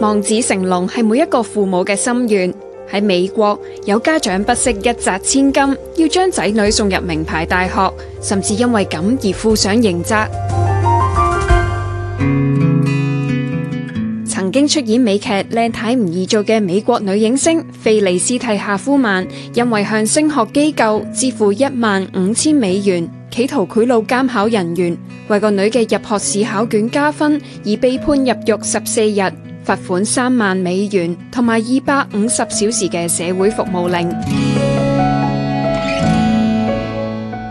望子成龍係每一個父母嘅心願。喺美國有家長不惜一擲千金，要將仔女送入名牌大學，甚至因為咁而負上刑責。 曾經出演美劇《靚太唔易做》嘅美國女影星菲尼斯蒂夏夫曼，因為向升學機構支付一萬五千美元，企圖賄賂監考人員，為個女嘅入學試考卷加分，而被判入獄十四日。罰款三萬美元同埋二百五十小時嘅社會服務令。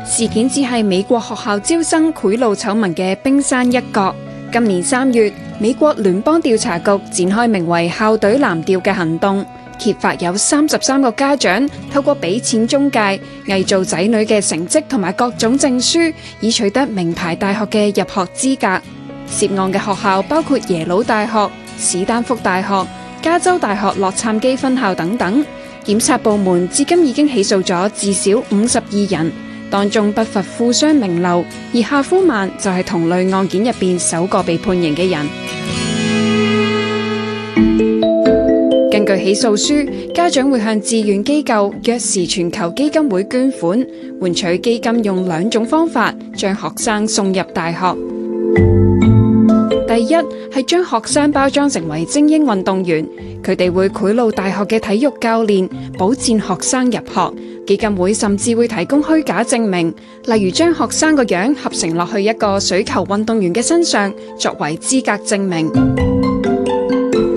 事件只係美國學校招生賄賂醜聞嘅冰山一角。今年三月，美國聯邦調查局展開名為“校隊藍調”嘅行動，揭發有三十三個家長透過俾錢中介偽造仔女嘅成績同埋各種證書，以取得名牌大學嘅入學資格。涉案嘅學校包括耶魯大學，史丹福大學、加州大學洛杉磯分校等等，檢察部門至今已經起訴咗至少五十二人，當中不乏富商名流。而夏夫曼就係同類案件入邊首個被判刑嘅人。根據起訴書，家長會向志願機構約時全球基金會捐款，換取基金用兩種方法將學生送入大學。第一係將學生包裝成為精英運動員，佢哋會賄賂大學嘅體育教練，保薦學生入學。基金會甚至會提供虛假證明，例如將學生個樣合成落去一個水球運動員嘅身上，作為資格證明。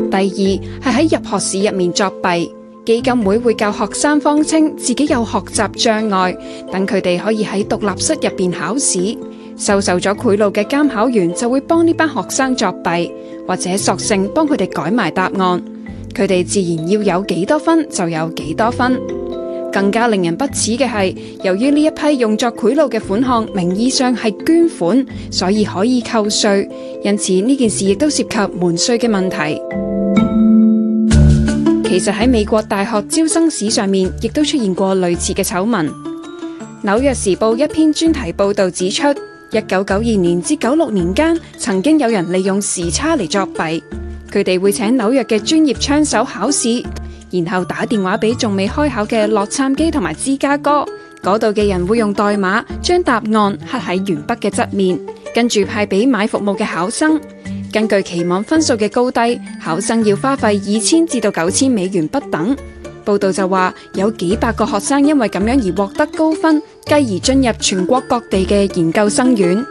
第二係喺入學試入面作弊，基金會會教學生謊稱自己有學習障礙，等佢哋可以喺獨立室入邊考試。受受咗賄賂嘅監考員就會幫呢班學生作弊，或者索性幫佢哋改埋答案。佢哋自然要有幾多分就有幾多分。更加令人不齒嘅係，由於呢一批用作賄賂嘅款項名義上係捐款，所以可以扣稅，因此呢件事亦都涉及瞞稅嘅問題。其實喺美國大學招生史上面，亦都出現過類似嘅醜聞。紐約時報一篇專題報道指出。一九九二年至九六年間，曾經有人利用時差嚟作弊。佢哋會請紐約嘅專業槍手考試，然後打電話俾仲未開考嘅洛杉磯同埋芝加哥嗰度嘅人，會用代碼將答案刻喺鉛筆嘅側面，跟住派俾買服務嘅考生。根據期望分數嘅高低，考生要花費二千至到九千美元不等。報道就話，有幾百個學生因為咁樣而獲得高分，繼而進入全國各地嘅研究生院。